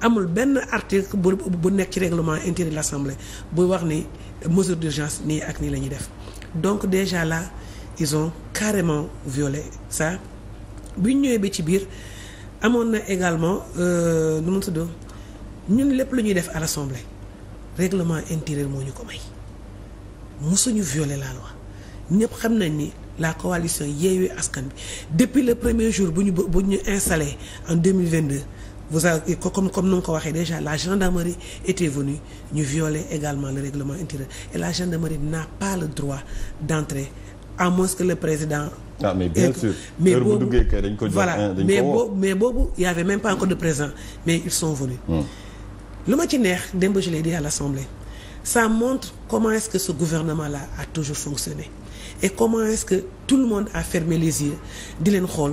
amul benn article bu bu nekk ci règlement intérieur de l'Assemblée buy wax ni mesure d'urgence nii ak nii la ñuy def donc déjà la ils ont carrément violé sax bu ñu ñëwee bi ci biir amoon na également euh, nu mu tudd ñun lépp lu ñuy def à l'Assemblée règlement intérieur moo ñu ko may mosuñu violer la loi ñëpp xam nañ ni la coalition Yewwi Askan bi depuis le premier jour bu ñu bu ñu installé en 2022 vous avez comme comme nu nga ko waxee déjà la gendarmerie était venue ñu violer également le règlement intérieur et la gendarmerie n'a pas le droit d'entrer à moins que le président. ah mais bien sûr mais boobu voilà mais boobu mais boobu y avait même pas encore de président mais ils sont venus. Hmm. lu ma ci neex démb je l'ai dit à l'Assemblée. ça montre comment est-ce que ce gouvernement-là a toujours fonctionné et comment est-ce que tout le monde a fermé les di leen xool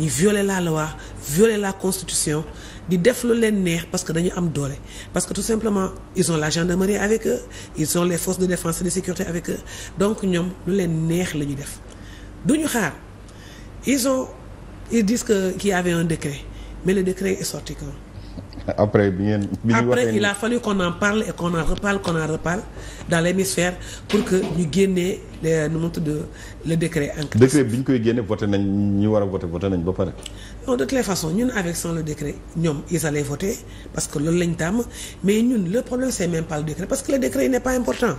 ñi violer la loi violer la constitution di def lu leen neex parce que dañu am doole parce que tout simplement ils ont la gendarmerie avec eux ils ont les forces de défense et de sécurité avec eux donc ñoom lu leen neex la ñu def ñu xaar ils ont ils disent que qu'il y un décret mais le décret est sorti quand après bi ngeen bi ñu waxee après il fa fallu qu'on en parle et qu'on en reparle qu'on en reparle dans l'hémisphère pour que ñu génnee euh, nu mu tudd le décret en décret bi ñu koy génne voté nañ ñu war a voté voté nañ ba pare. non de toutes les façons ñun avec sans le décret ñoom ils allaient voter parce que loolu lañ tàmm mais ñun le problème c'est même pas le décret parce que le décret il n'est pas important.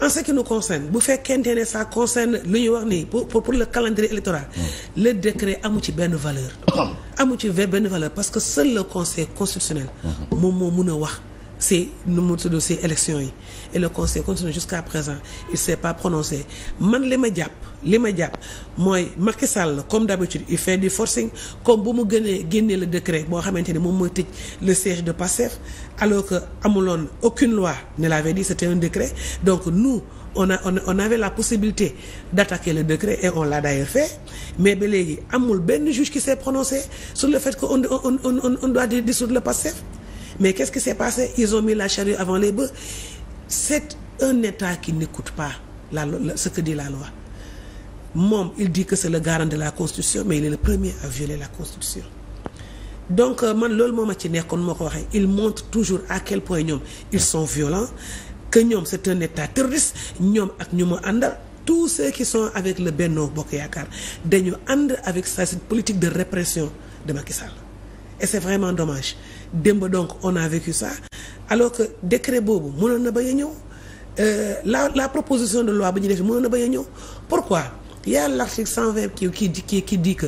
en ce qui nous concerne bu fekkente ne ça concerne lu ñuy wax nii pour pour le calendrier électoral mm. le décret amu ci benn valeur amu ci benn valeur parce que seul la conseil constitutionnel mm-hmm. moom moo mun a wax si nu mu tudd si élection yi et le conseil continue jusqu'à présent il s'est pas prononcé man li ma jàpp li ma jàpp mooy Macky la comme d'habitude il fait di forcing comme bu mu gënee génnee le décret boo xamante ni moom mooy tëj le siège de Pastef alors que amuloon aucune loi ne la dit c'était un décret donc nous on a on avait la possibilité d'attaquer le décret et on l'a d'ailleurs fait mais ba léegi amul benn juge qui s'est prononcé sur le fait que on on on on doit Mais qu'est-ce qui s'est passé? Ils ont mis la charrue avant les bœufs. C'est un État qui n'écoute pas la, la, ce loi. Moom, il di que c'est le garant de la Constitution, mais il est le premier à violer la Constitution. donc euh, man loolu moom ma ci nekkoon ma ko waxee il montre toujours à quel point ñoom ils sont violents que ñoom c'est un état terroriste ñoom ak ñu mu àndal tous ceux qui sont avec le Benno Bokk Yaakaar dañu ànd avec sa politique de répression de Macky Sall et c'est vraiment dommage démb donc on a vécu ça alors que décret boobu mënoon na bañ a ñëw euh, la la proposition de loi bu ñu def mënoon na bañ a ñëw pourquoi il y a san 120 kii qui qui dit que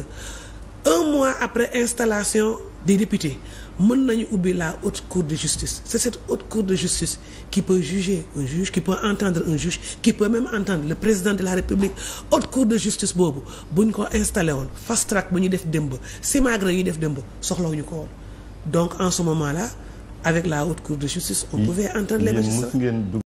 un mois après installation des députés mën nañu ubbi la haute cour de justice c'est cette haute cour de justice qui peut juger un juge qui peut entendre un juge qui peut même entendre le président de la république haute cour de justice boobu buñ ko installé woon fast track ba ñu def démb simagre ñu def démb soxlawuñu ko woon donc en ce moment avec la haute cour de justice on pouvait entendre les magistrats